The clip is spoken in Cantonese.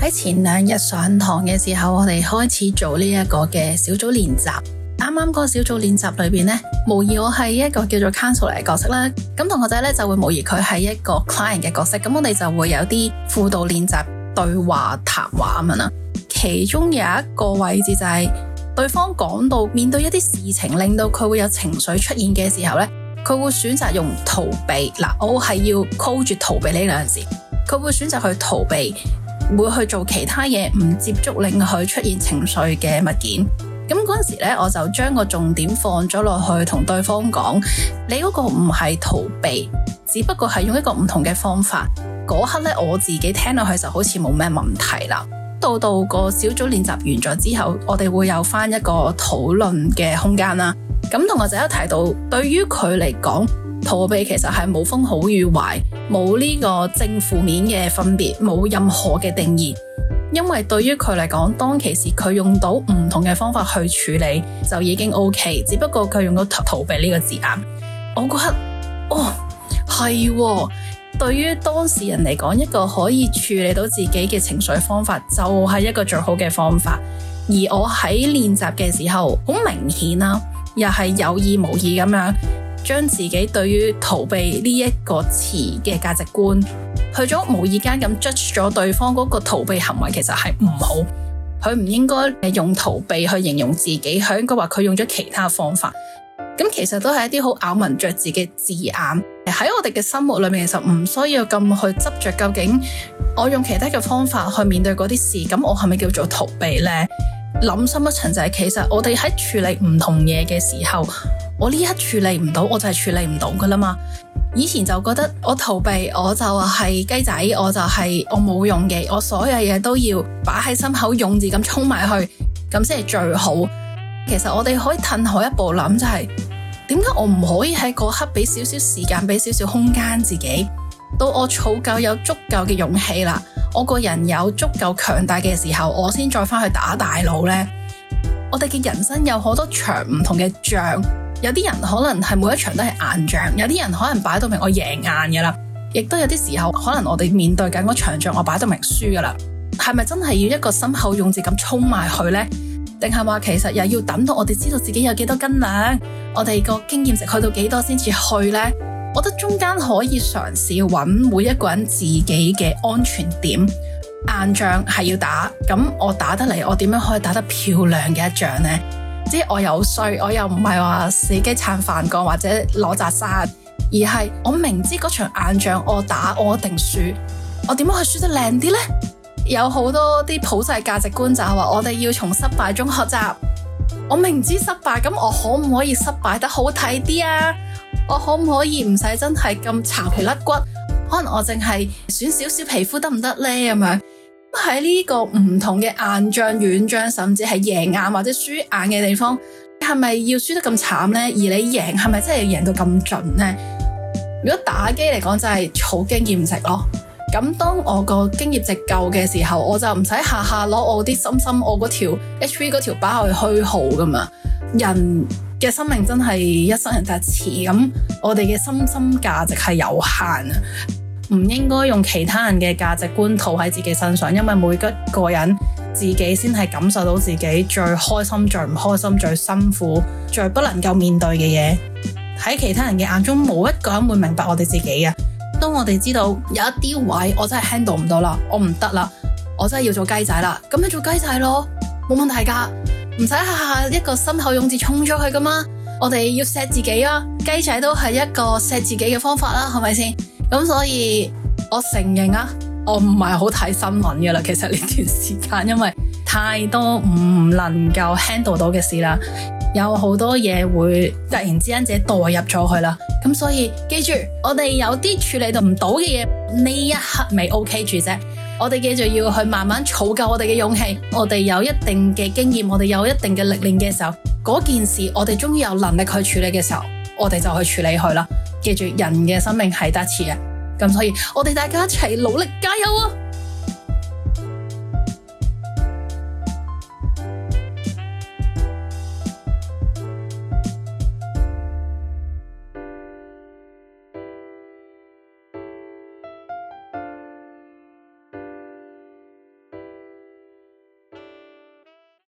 喺前兩日上堂嘅時候，我哋開始做呢一個嘅小組練習。啱啱嗰個小組練習裏面，呢模擬我係一個叫做 counselor 嘅角色啦。咁同學仔咧就會模擬佢係一個 client 嘅角色。咁我哋就會有啲輔導練習對話談話咁樣啦。其中有一個位置就係、是、對方講到面對一啲事情，令到佢會有情緒出現嘅時候呢，佢會選擇用逃避。嗱，我係要 call 住逃避呢兩字，佢會選擇去逃避。會去做其他嘢，唔接觸令佢出現情緒嘅物件。咁嗰陣時咧，我就將個重點放咗落去，同對方講你嗰個唔係逃避，只不過係用一個唔同嘅方法。嗰刻呢，我自己聽落去就好似冇咩問題啦。到到個小組練習完咗之後，我哋會有翻一個討論嘅空間啦。咁同阿仔一提到，對於佢嚟講。逃避其實係冇分好與壞，冇呢個正負面嘅分別，冇任何嘅定義。因為對於佢嚟講，當其時佢用到唔同嘅方法去處理就已經 OK。只不過佢用到逃避呢個字眼，我覺得哦係、哦，對於當事人嚟講，一個可以處理到自己嘅情緒方法就係一個最好嘅方法。而我喺練習嘅時候，好明顯啦、啊，又係有意無意咁樣。將自己對於逃避呢一個詞嘅價值觀，去咗無意間咁 judge 咗對方嗰個逃避行為，其實係唔好，佢唔應該用逃避去形容自己，佢應該話佢用咗其他方法。咁其實都係一啲好咬文嚼字嘅字眼。喺我哋嘅生活裏面，其實唔需要咁去執着，究竟我用其他嘅方法去面對嗰啲事，咁我係咪叫做逃避呢？諗深一層，就係其實我哋喺處理唔同嘢嘅時候。我呢刻處理唔到，我就係處理唔到噶啦嘛。以前就覺得我逃避，我就係雞仔，我就係我冇用嘅，我所有嘢都要擺喺心口，勇字咁衝埋去，咁先係最好。其實我哋可以褪後一步諗，就係，就係點解我唔可以喺嗰刻俾少少時間，俾少少空間自己，到我儲夠有足夠嘅勇氣啦，我個人有足夠強大嘅時候，我先再翻去打大佬呢？我哋嘅人生有好多場唔同嘅仗。有啲人可能係每一場都係硬仗，有啲人可能擺到明我贏硬噶啦，亦都有啲時候可能我哋面對緊嗰場仗我擺到明輸噶啦，係咪真係要一個心口勇字咁衝埋去呢？定係話其實又要等到我哋知道自己有幾多斤兩？啊，我哋個經驗值去到幾多先至去呢？我覺得中間可以嘗試揾每一個人自己嘅安全點，硬仗係要打，咁我打得嚟，我點樣可以打得漂亮嘅一仗呢？知我有衰，我又唔係話死雞撐飯缸，或者攞扎沙，而係我明知嗰場硬仗我打我一定輸，我點樣去輸得靚啲呢？有好多啲普世價值觀就係話我哋要從失敗中學習，我明知失敗，咁我可唔可以失敗得好睇啲啊？我可唔可以唔使真係咁殘皮甩骨？可能我淨係選少少皮膚得唔得呢？係咪？喺呢個唔同嘅硬仗、軟仗，甚至係贏硬或者輸硬嘅地方，係咪要輸得咁慘呢？而你贏係咪真係要贏到咁盡呢？如果打機嚟講就係、是、儲經驗值咯。咁當我個經驗值夠嘅時候，我就唔使下下攞我啲心心，我嗰條 H V 嗰條把去虛耗噶嘛。人嘅生命真係一生人得次，咁我哋嘅心心價值係有限啊。唔應該用其他人嘅價值觀套喺自己身上，因為每個人自己先係感受到自己最開心、最唔開心、最辛苦、最不能夠面對嘅嘢。喺其他人嘅眼中，冇一個人會明白我哋自己嘅。當我哋知道有一啲位我真係 handle 唔到啦，我唔得啦，我真係要做雞仔啦，咁你做雞仔咯，冇問題噶，唔使下下一個心口勇字衝出去噶嘛。我哋要錫自己啊，雞仔都係一個錫自己嘅方法啦，係咪先？咁所以，我承認啊，我唔係好睇新聞噶啦。其實呢段時間，因為太多唔能夠 handle 到嘅事啦，有好多嘢會突然之間自己代入咗去啦。咁所以記住，我哋有啲處理到唔到嘅嘢，呢一刻未 OK 住啫。我哋記住要去慢慢儲夠我哋嘅勇氣，我哋有一定嘅經驗，我哋有一定嘅歷練嘅時候，嗰件事我哋終於有能力去處理嘅時候，我哋就去處理佢啦。記住，人嘅生命係得一次嘅，咁所以我哋大家一齊努力加油啊！